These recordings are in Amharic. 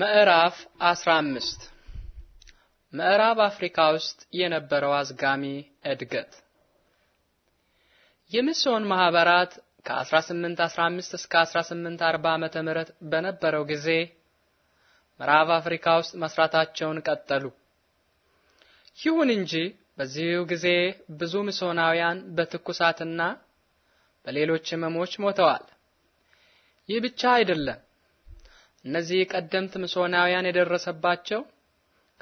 ምዕራፍ 15 ምዕራብ አፍሪካ ውስጥ የነበረው አዝጋሚ እድገት የሚስዮን ማህበራት ከ1815 እስከ 1840 ዓመተ ምህረት በነበረው ጊዜ ምዕራብ አፍሪካ ውስጥ መስራታቸውን ቀጠሉ። ይሁን እንጂ በዚሁ ጊዜ ብዙ ሚስዮናውያን በትኩሳትና በሌሎች ህመሞች ሞተዋል። ይህ ብቻ አይደለም። እነዚህ ቀደምት ምሶናውያን የደረሰባቸው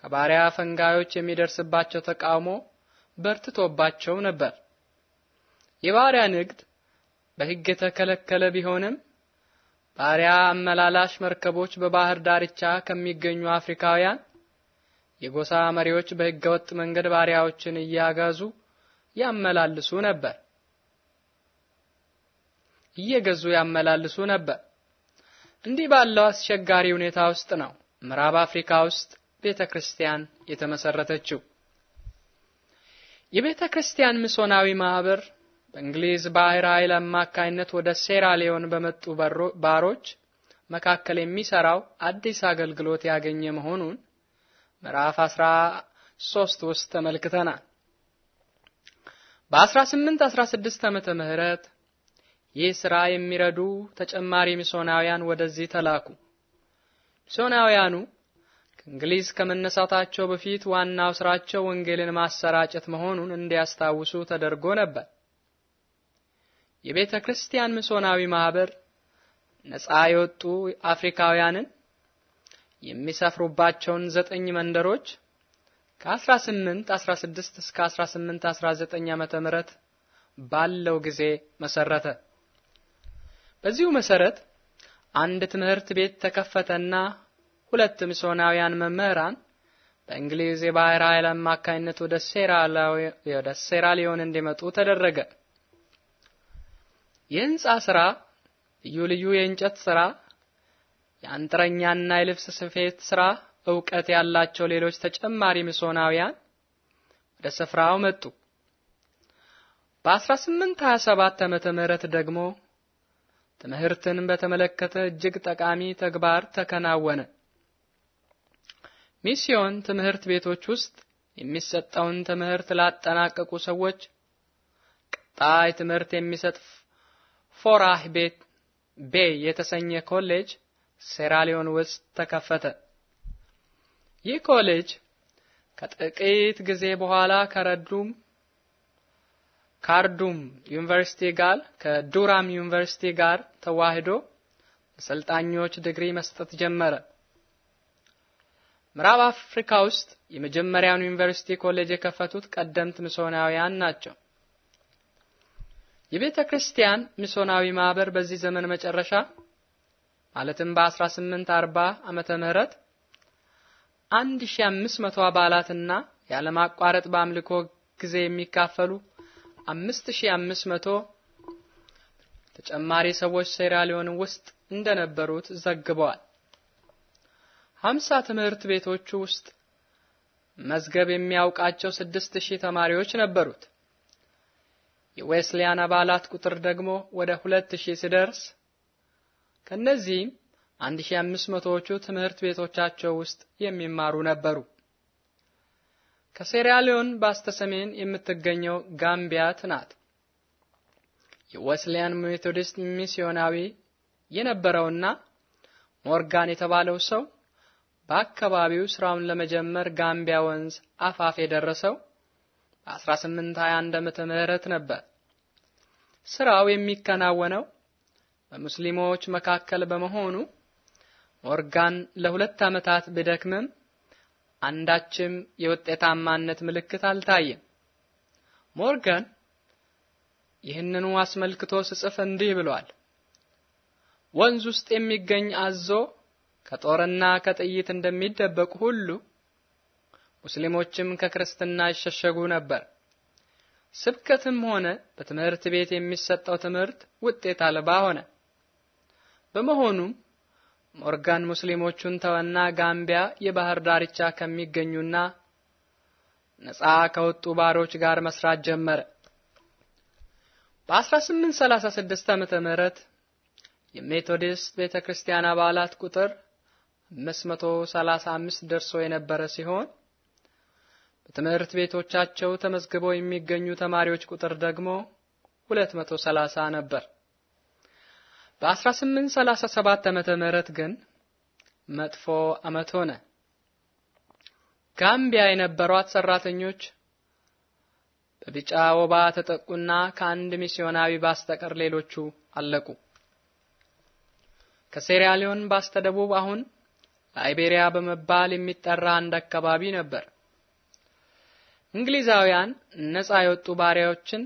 ከባሪያ ፈንጋዮች የሚደርስባቸው ተቃውሞ በርትቶባቸው ነበር። የባሪያ ንግድ በሕግ የተከለከለ ቢሆንም ባሪያ አመላላሽ መርከቦች በባህር ዳርቻ ከሚገኙ አፍሪካውያን የጎሳ መሪዎች በሕገወጥ መንገድ ባሪያዎችን እያጋዙ ያመላልሱ ነበር። እየገዙ ያመላልሱ ነበር። እንዲህ ባለው አስቸጋሪ ሁኔታ ውስጥ ነው ምዕራብ አፍሪካ ውስጥ ቤተ ክርስቲያን የተመሰረተችው። የቤተ ክርስቲያን ምሶናዊ ማህበር በእንግሊዝ ባህር ኃይል አማካይነት ወደ ሴራሊዮን በመጡ ባሮች መካከል የሚሰራው አዲስ አገልግሎት ያገኘ መሆኑን ምዕራፍ 13 ውስጥ ተመልክተናል። በ1816 ዓመተ ምህረት ይህ ሥራ የሚረዱ ተጨማሪ ሚስዮናውያን ወደዚህ ተላኩ። ሚስዮናውያኑ ከእንግሊዝ ከመነሳታቸው በፊት ዋናው ሥራቸው ወንጌልን ማሰራጨት መሆኑን እንዲያስታውሱ ተደርጎ ነበር። የቤተ ክርስቲያን ሚስዮናዊ ማህበር ነጻ የወጡ አፍሪካውያንን የሚሰፍሩባቸውን ዘጠኝ መንደሮች ከ18 16 እስከ 18 19 ዓመተ ምህረት ባለው ጊዜ መሰረተ። በዚሁ መሰረት አንድ ትምህርት ቤት ተከፈተና ሁለት ሚስዮናውያን መምህራን በእንግሊዝ የባህር ኃይል አማካኝነት ወደ ሴራሊዮን እንዲመጡ ተደረገ። የህንፃ ስራ፣ ልዩ ልዩ የእንጨት ስራ፣ የአንጥረኛና የልብስ ስፌት ስራ እውቀት ያላቸው ሌሎች ተጨማሪ ሚስዮናውያን ወደ ስፍራው መጡ። በ1827 ዓመተ ምህረት ደግሞ ትምህርትን በተመለከተ እጅግ ጠቃሚ ተግባር ተከናወነ። ሚስዮን ትምህርት ቤቶች ውስጥ የሚሰጠውን ትምህርት ላጠናቀቁ ሰዎች ቀጣይ ትምህርት የሚሰጥ ፎራህ ቤት ቤ የተሰኘ ኮሌጅ ሴራሊዮን ውስጥ ተከፈተ። ይህ ኮሌጅ ከጥቂት ጊዜ በኋላ ከረዱም ካርዱም ዩኒቨርሲቲ ጋር ከዱራም ዩኒቨርሲቲ ጋር ተዋህዶ አሰልጣኞች ዲግሪ መስጠት ጀመረ። ምዕራብ አፍሪካ ውስጥ የመጀመሪያውን ዩኒቨርሲቲ ኮሌጅ የከፈቱት ቀደምት ሚስዮናውያን ናቸው። የቤተ ክርስቲያን ሚስዮናዊ ማህበር በዚህ ዘመን መጨረሻ ማለትም በ1840 ዓመተ ምህረት 1500 አባላትና ያለማቋረጥ በአምልኮ ጊዜ የሚካፈሉ 5500 ተጨማሪ ሰዎች ሴራሊዮን ውስጥ እንደነበሩት ዘግበዋል። 50 ትምህርት ቤቶች ውስጥ መዝገብ የሚያውቃቸው 6000 ተማሪዎች ነበሩት። የዌስሊያን አባላት ቁጥር ደግሞ ወደ 2000 ሲደርስ ከነዚህም 1500ዎቹ ትምህርት ቤቶቻቸው ውስጥ የሚማሩ ነበሩ። ከሴራሊዮን ባስተሰሜን የምትገኘው ጋምቢያት ናት። የወስሊያን ሜቶዲስት ሚስዮናዊ የነበረውና ሞርጋን የተባለው ሰው በአካባቢው ስራውን ለመጀመር ጋምቢያ ወንዝ አፋፍ የደረሰው በ1821 ዓመተ ምህረት ነበር። ስራው የሚከናወነው በሙስሊሞች መካከል በመሆኑ ሞርጋን ለሁለት ዓመታት ቢደክምም አንዳችም የውጤታማነት ምልክት አልታየም። ሞርጋን ይህንኑ አስመልክቶ ስጽፍ እንዲህ ብሏል። ወንዝ ውስጥ የሚገኝ አዞ ከጦርና ከጥይት እንደሚደበቁ ሁሉ ሙስሊሞችም ከክርስትና ይሸሸጉ ነበር። ስብከትም ሆነ በትምህርት ቤት የሚሰጠው ትምህርት ውጤት አልባ ሆነ። በመሆኑም ሞርጋን ሙስሊሞቹን ተወና ጋምቢያ የባህር ዳርቻ ከሚገኙና ነፃ ከወጡ ባሮች ጋር መስራት ጀመረ። በ1836 ዓመተ ምህረት የሜቶዲስት ቤተክርስቲያን አባላት ቁጥር 535 ደርሶ የነበረ ሲሆን በትምህርት ቤቶቻቸው ተመዝግበው የሚገኙ ተማሪዎች ቁጥር ደግሞ 230 ነበር። በ1837 ዓመተ ምህረት ግን መጥፎ ዓመት ሆነ። ጋምቢያ የነበሯት ሰራተኞች በቢጫ ወባ ተጠቁና ከአንድ ሚስዮናዊ ባስተቀር ሌሎቹ አለቁ። ከሴራሊዮን ባስተደቡብ አሁን ላይቤሪያ በመባል የሚጠራ አንድ አካባቢ ነበር። እንግሊዛውያን ነጻ የወጡ ባሪያዎችን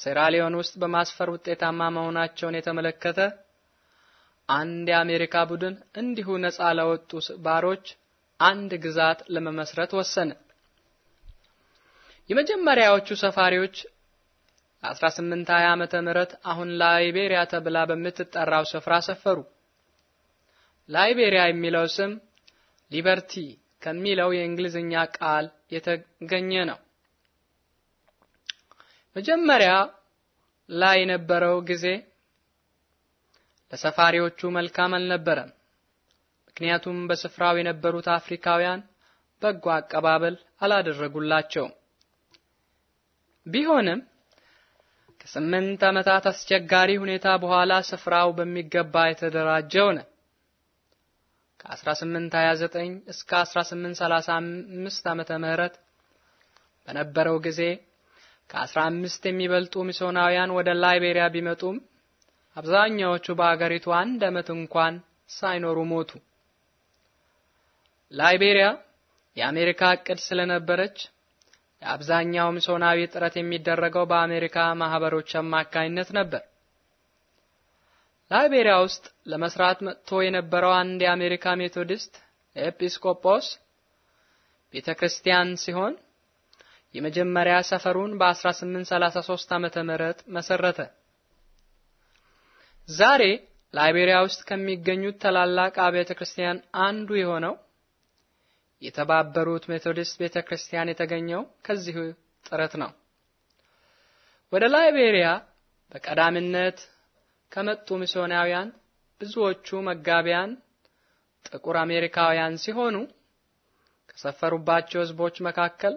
ሴራሊዮን ውስጥ በማስፈር ውጤታማ መሆናቸውን የተመለከተ አንድ የአሜሪካ ቡድን እንዲሁ ነጻ ለወጡ ባሮች አንድ ግዛት ለመመስረት ወሰነ። የመጀመሪያዎቹ ሰፋሪዎች 1820 ዓመተ ምህረት አሁን ላይቤሪያ ተብላ በምትጠራው ስፍራ ሰፈሩ። ላይቤሪያ የሚለው ስም ሊበርቲ ከሚለው የእንግሊዝኛ ቃል የተገኘ ነው። መጀመሪያ ላይ የነበረው ጊዜ ለሰፋሪዎቹ መልካም አልነበረም። ምክንያቱም በስፍራው የነበሩት አፍሪካውያን በጎ አቀባበል አላደረጉላቸውም። ቢሆንም ከስምንት ዓመታት አስቸጋሪ ሁኔታ በኋላ ስፍራው በሚገባ የተደራጀው ነው። ከ1829 እስከ 1835 ዓመተ ምህረት በነበረው ጊዜ ከአስራ አምስት የሚበልጡ ሚስዮናውያን ወደ ላይቤሪያ ቢመጡም አብዛኛዎቹ በአገሪቱ አንድ ዓመት እንኳን ሳይኖሩ ሞቱ። ላይቤሪያ የአሜሪካ እቅድ ስለነበረች የአብዛኛው ሚስዮናዊ ጥረት የሚደረገው በአሜሪካ ማህበሮች አማካኝነት ነበር። ላይቤሪያ ውስጥ ለመስራት መጥቶ የነበረው አንድ የአሜሪካ ሜቶዲስት ኤጲስቆጶስ ቤተ ክርስቲያን ሲሆን የመጀመሪያ ሰፈሩን በ1833 ዓመተ ምህረት መሰረተ። ዛሬ ላይቤሪያ ውስጥ ከሚገኙት ታላላቅ አብያተ ክርስቲያን አንዱ የሆነው የተባበሩት ሜቶዲስት ቤተ ክርስቲያን የተገኘው ከዚሁ ጥረት ነው። ወደ ላይቤሪያ በቀዳሚነት ከመጡ ሚስዮናውያን ብዙዎቹ መጋቢያን ጥቁር አሜሪካውያን ሲሆኑ ከሰፈሩባቸው ሕዝቦች መካከል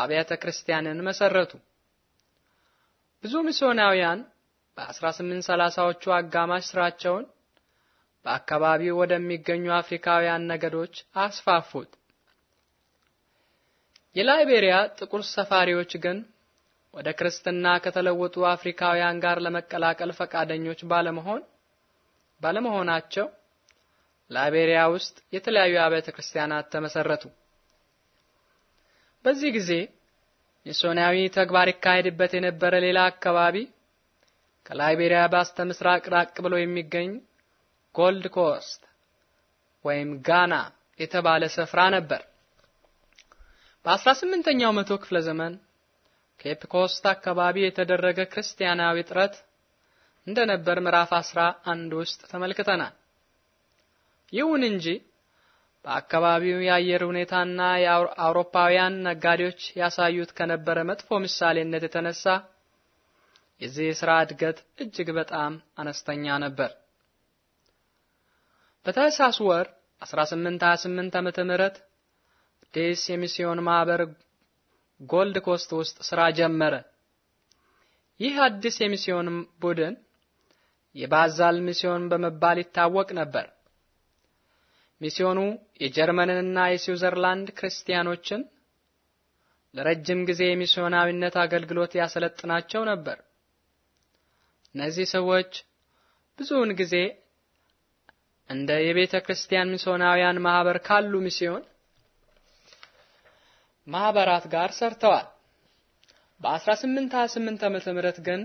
አብያተ ክርስቲያንን መሰረቱ። ብዙ ሚስዮናውያን በ1830ዎቹ አጋማሽ ስራቸውን በአካባቢው ወደሚገኙ አፍሪካውያን ነገዶች አስፋፉት። የላይቤሪያ ጥቁር ሰፋሪዎች ግን ወደ ክርስትና ከተለወጡ አፍሪካውያን ጋር ለመቀላቀል ፈቃደኞች ባለመሆን ባለመሆናቸው ላይቤሪያ ውስጥ የተለያዩ አብያተ ክርስቲያናት ተመሰረቱ። በዚህ ጊዜ የሶናዊ ተግባር ይካሄድበት የነበረ ሌላ አካባቢ ከላይቤሪያ በስተ ምስራቅ ራቅ ብሎ የሚገኝ ጎልድ ኮስት ወይም ጋና የተባለ ስፍራ ነበር። በ18ኛው መቶ ክፍለ ዘመን ኬፕ ኮስት አካባቢ የተደረገ ክርስቲያናዊ ጥረት እንደነበር ምዕራፍ 11 ውስጥ ተመልክተናል። ይሁን እንጂ በአካባቢው የአየር ሁኔታና የአውሮፓውያን ነጋዴዎች ያሳዩት ከነበረ መጥፎ ምሳሌነት የተነሳ የዚህ የስራ እድገት እጅግ በጣም አነስተኛ ነበር። በታህሳስ ወር 1828 ዓመተ ምህረት አዲስ የሚስዮን ማህበር ጎልድ ኮስት ውስጥ ስራ ጀመረ። ይህ አዲስ የሚስዮን ቡድን የባዛል ሚስዮን በመባል ይታወቅ ነበር። ሚስዮኑ የጀርመንንና የስዊዘርላንድ ክርስቲያኖችን ለረጅም ጊዜ የሚስዮናዊነት አገልግሎት ያሰለጥናቸው ነበር። እነዚህ ሰዎች ብዙውን ጊዜ እንደ የቤተ ክርስቲያን ሚስዮናውያን ማህበር ካሉ ሚስዮን ማህበራት ጋር ሰርተዋል። በ1828 ዓመተ ምህረት ግን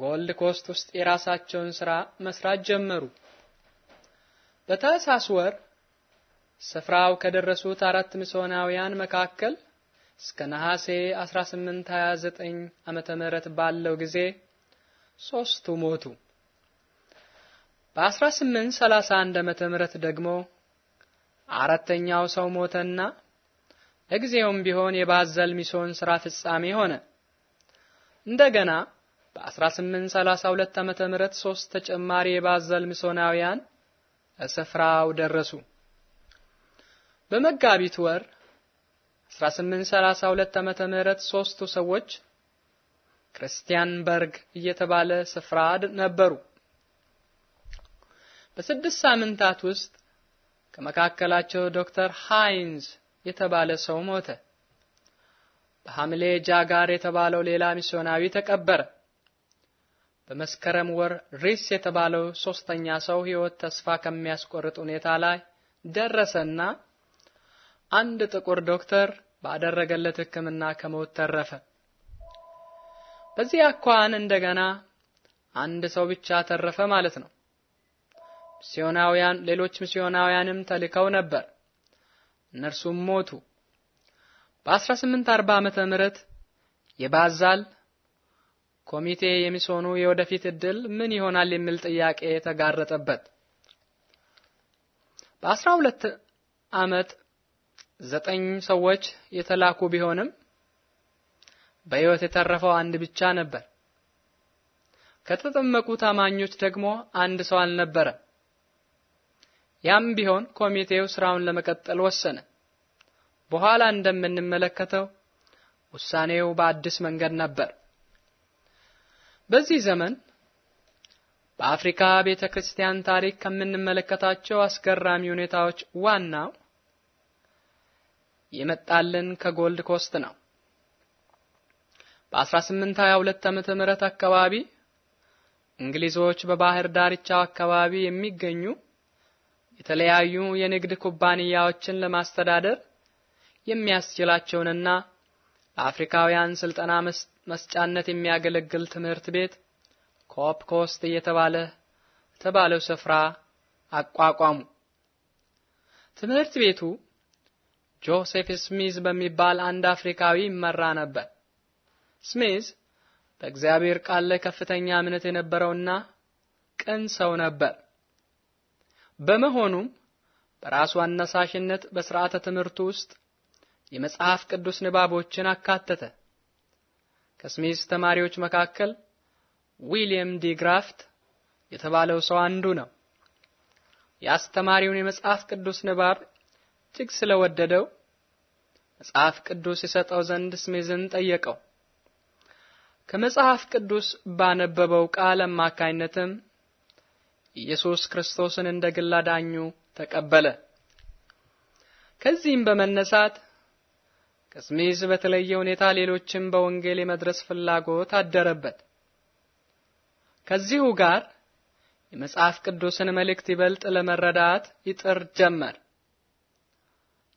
ጎልድ ኮስት ውስጥ የራሳቸውን ስራ መስራት ጀመሩ። በታህሳስ ወር ስፍራው ከደረሱት አራት ምሶናውያን መካከል እስከ ነሐሴ 1829 ዓመተ ምህረት ባለው ጊዜ ሶስቱ ሞቱ። በ1831 ዓመተ ምህረት ደግሞ አራተኛው ሰው ሞተና ለጊዜውም ቢሆን የባዘል ሚሶን ስራ ፍጻሜ ሆነ። እንደገና በ1832 ዓመተ ምህረት ሶስት ተጨማሪ የባዘል ሚሶናውያን ስፍራው ደረሱ። በመጋቢት ወር 1832 ዓመተ ምህረት ሶስቱ ሰዎች ክርስቲያን በርግ እየተባለ ስፍራ ነበሩ። በስድስት ሳምንታት ውስጥ ከመካከላቸው ዶክተር ሃይንዝ የተባለ ሰው ሞተ። በሐምሌ ጃጋር የተባለው ሌላ ሚስዮናዊ ተቀበረ። በመስከረም ወር ሪስ የተባለው ሶስተኛ ሰው ሕይወት ተስፋ ከሚያስቆርጥ ሁኔታ ላይ ደረሰና አንድ ጥቁር ዶክተር ባደረገለት ሕክምና ከሞት ተረፈ። በዚህ አኳን እንደገና አንድ ሰው ብቻ ተረፈ ማለት ነው። ሚስዮናውያን ሌሎች ሚስዮናውያንም ተልከው ነበር፣ እነርሱም ሞቱ። በ1840 ዓመተ ምህረት የባዛል ኮሚቴ የሚሶኑ የወደፊት እድል ምን ይሆናል የሚል ጥያቄ ተጋረጠበት። በ12 ዓመት ዘጠኝ ሰዎች የተላኩ ቢሆንም በሕይወት የተረፈው አንድ ብቻ ነበር። ከተጠመቁት አማኞች ደግሞ አንድ ሰው አልነበረ። ያም ቢሆን ኮሚቴው ስራውን ለመቀጠል ወሰነ። በኋላ እንደምንመለከተው ውሳኔው በአዲስ መንገድ ነበር። በዚህ ዘመን በአፍሪካ ቤተ ክርስቲያን ታሪክ ከምንመለከታቸው አስገራሚ ሁኔታዎች ዋናው የመጣልን ከጎልድ ኮስት ነው። በ1822 ዓመተ ምህረት አካባቢ እንግሊዞች በባህር ዳርቻው አካባቢ የሚገኙ የተለያዩ የንግድ ኩባንያዎችን ለማስተዳደር የሚያስችላቸውንና ለአፍሪካውያን ስልጠና መስጫነት የሚያገለግል ትምህርት ቤት ኮፕ ኮስት እየተባለ የተባለው ስፍራ አቋቋሙ። ትምህርት ቤቱ ጆሴፍ ስሚዝ በሚባል አንድ አፍሪካዊ ይመራ ነበር። ስሚዝ በእግዚአብሔር ቃል ላይ ከፍተኛ እምነት የነበረውና ቅን ሰው ነበር። በመሆኑም በራሱ አነሳሽነት በስርዓተ ትምህርቱ ውስጥ የመጽሐፍ ቅዱስ ንባቦችን አካተተ። ከስሚዝ ተማሪዎች መካከል ዊሊየም ዲ ግራፍት የተባለው ሰው አንዱ ነው። የአስተማሪውን የመጽሐፍ ቅዱስ ንባብ እጅግ ስለወደደው መጽሐፍ ቅዱስ የሰጠው ዘንድ ስሜዝን ጠየቀው። ከመጽሐፍ ቅዱስ ባነበበው ቃል አማካይነትም ኢየሱስ ክርስቶስን እንደ ግል አዳኙ ተቀበለ። ከዚህም በመነሳት ከስሜዝ በተለየ ሁኔታ ሌሎችን በወንጌል የመድረስ ፍላጎት አደረበት። ከዚሁ ጋር የመጽሐፍ ቅዱስን መልእክት ይበልጥ ለመረዳት ይጥር ጀመር።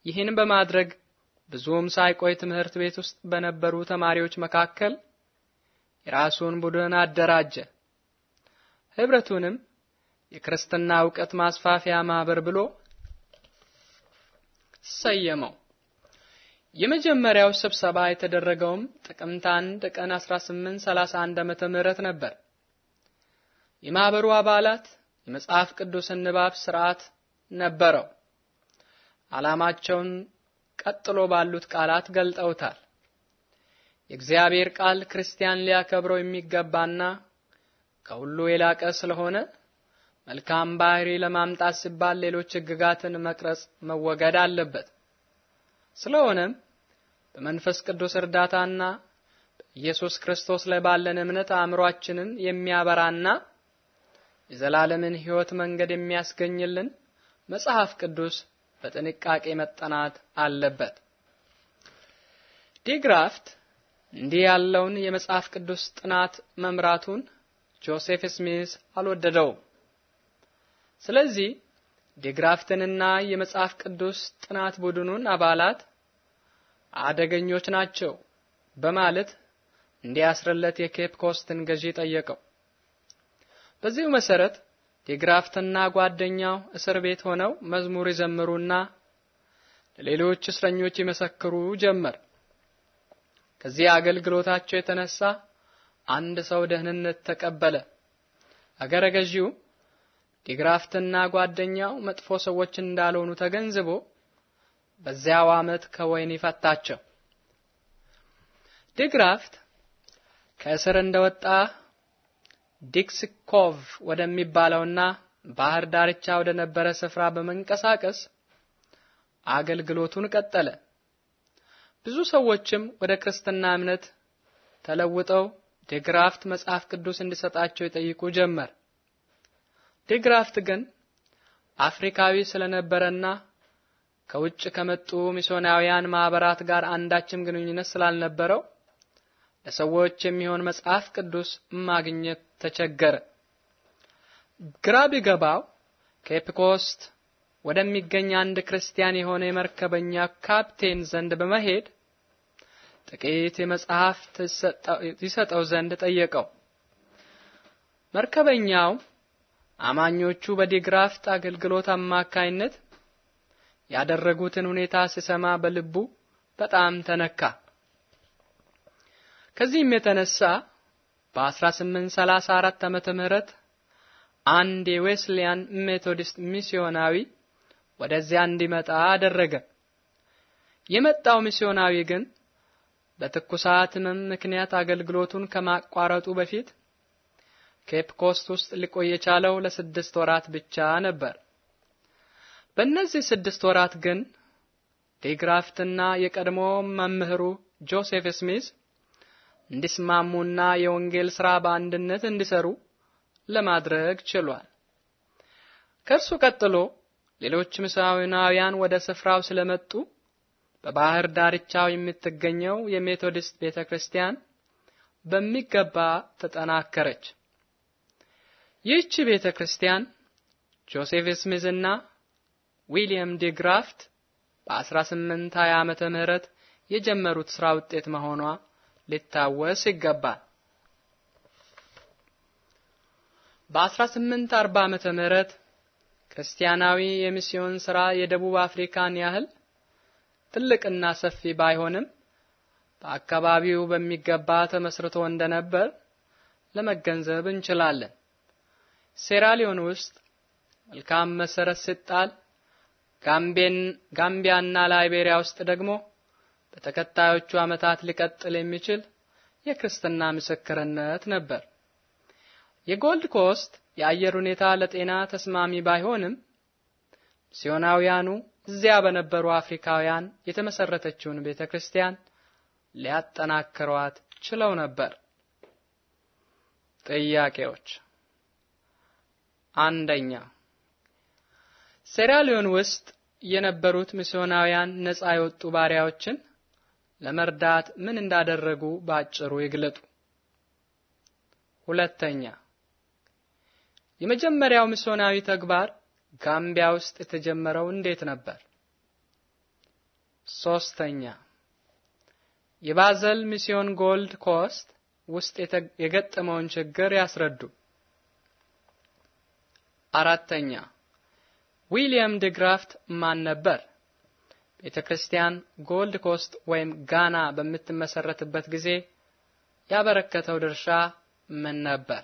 ይህን በማድረግ ብዙም ሳይቆይ ትምህርት ቤት ውስጥ በነበሩ ተማሪዎች መካከል የራሱን ቡድን አደራጀ። ህብረቱንም የክርስትና እውቀት ማስፋፊያ ማህበር ብሎ ሰየመው። የመጀመሪያው ስብሰባ የተደረገውም ጥቅምት 1 ቀን 1831 ዓመተ ምህረት ነበር። የማህበሩ አባላት የመጽሐፍ ቅዱስ ንባብ ስርዓት ነበረው። ዓላማቸውን ቀጥሎ ባሉት ቃላት ገልጠውታል። የእግዚአብሔር ቃል ክርስቲያን ሊያከብረው የሚገባና ከሁሉ የላቀ ስለሆነ መልካም ባህሪ ለማምጣት ሲባል ሌሎች ሕግጋትን መቅረጽ መወገድ አለበት። ስለሆነም በመንፈስ ቅዱስ እርዳታና በኢየሱስ ክርስቶስ ላይ ባለን እምነት አእምሯችንን የሚያበራና የዘላለምን ሕይወት መንገድ የሚያስገኝልን መጽሐፍ ቅዱስ በጥንቃቄ መጠናት አለበት። ዲግራፍት እንዲህ ያለውን የመጽሐፍ ቅዱስ ጥናት መምራቱን ጆሴፍ ስሚስ አልወደደውም። ስለዚህ ዲግራፍትንና የመጽሐፍ ቅዱስ ጥናት ቡድኑን አባላት አደገኞች ናቸው በማለት እንዲያስረለት የኬፕ ኮስትን ገዢ ጠየቀው። በዚሁ መሰረት ዲግራፍትና ጓደኛው እስር ቤት ሆነው መዝሙር ይዘምሩና ለሌሎች እስረኞች ይመሰክሩ ጀመር። ከዚህ አገልግሎታቸው የተነሳ አንድ ሰው ደህንነት ተቀበለ። አገረ ገዢው ዲግራፍትና ጓደኛው መጥፎ ሰዎች እንዳልሆኑ ተገንዝቦ በዚያው ዓመት ከወይን ይፈታቸው። ዲግራፍት ከእስር እንደወጣ ዲክስኮቭ ወደሚባለውና ባህር ዳርቻ ወደ ነበረ ስፍራ በመንቀሳቀስ አገልግሎቱን ቀጠለ። ብዙ ሰዎችም ወደ ክርስትና እምነት ተለውጠው ዴግራፍት መጽሐፍ ቅዱስ እንዲሰጣቸው ይጠይቁ ጀመር። ዲግራፍት ግን አፍሪካዊ ስለነበረና ከውጭ ከመጡ ሚስዮናውያን ማህበራት ጋር አንዳችም ግንኙነት ስላልነበረው ለሰዎች የሚሆን መጽሐፍ ቅዱስ ማግኘት ተቸገረ። ግራ ቢገባው ኬፕኮስት ወደሚገኝ አንድ ክርስቲያን የሆነ የመርከበኛ ካፕቴን ዘንድ በመሄድ ጥቂት የመጽሐፍ ይሰጠው ዘንድ ጠየቀው። መርከበኛው አማኞቹ በዲግራፍት አገልግሎት አማካይነት ያደረጉትን ሁኔታ ሲሰማ በልቡ በጣም ተነካ። ከዚህም የተነሳ በ1834 ዓመተ ምህረት አንድ የዌስሊያን ሜቶዲስት ሚስዮናዊ ወደዚያ እንዲመጣ አደረገ። የመጣው ሚስዮናዊ ግን በትኩሳት ሕመም ምክንያት አገልግሎቱን ከማቋረጡ በፊት ኬፕ ኮስት ውስጥ ሊቆይ የቻለው ለስድስት ወራት ብቻ ነበር። በእነዚህ ስድስት ወራት ግን ዲግራፍትና የቀድሞ መምህሩ ጆሴፍ ስሚዝ እንዲስማሙና የወንጌል ሥራ በአንድነት እንዲሰሩ ለማድረግ ችሏል። ከእርሱ ቀጥሎ ሌሎች ምሳናውያን ወደ ስፍራው ስለመጡ በባህር ዳርቻው የምትገኘው የሜቶዲስት ቤተክርስቲያን በሚገባ ተጠናከረች። ይህቺ ቤተክርስቲያን ጆሴፍ ስሚዝ እና ዊሊያም ዲግራፍት በ1820 ዓመተ ምህረት የጀመሩት ስራ ውጤት መሆኗ ሊታወስ ይገባል። በ1840 ዓመተ ምህረት ክርስቲያናዊ የሚስዮን ስራ የደቡብ አፍሪካን ያህል ትልቅና ሰፊ ባይሆንም በአካባቢው በሚገባ ተመስርቶ እንደነበር ለመገንዘብ እንችላለን። ሴራሊዮን ውስጥ መልካም መሰረት ሲጣል፣ ጋምቤን ጋምቢያና ላይቤሪያ ውስጥ ደግሞ በተከታዮቹ ዓመታት ሊቀጥል የሚችል የክርስትና ምስክርነት ነበር። የጎልድ ኮስት የአየር ሁኔታ ለጤና ተስማሚ ባይሆንም ሲዮናውያኑ እዚያ በነበሩ አፍሪካውያን የተመሰረተችውን ቤተ ክርስቲያን ሊያጠናክሯት ችለው ነበር። ጥያቄዎች፣ አንደኛ ሴራሊዮን ውስጥ የነበሩት ሚስዮናውያን ነፃ የወጡ ባሪያዎችን ለመርዳት ምን እንዳደረጉ በአጭሩ ይግለጡ። ሁለተኛ የመጀመሪያው ሚስዮናዊ ተግባር ጋምቢያ ውስጥ የተጀመረው እንዴት ነበር? ሶስተኛ የባዘል ሚስዮን ጎልድ ኮስት ውስጥ የገጠመውን ችግር ያስረዱ። አራተኛ ዊሊያም ድግራፍት ማን ነበር? ቤተክርስቲያን ጎልድ ኮስት ወይም ጋና በምትመሰረትበት ጊዜ ያበረከተው ድርሻ ምን ነበር?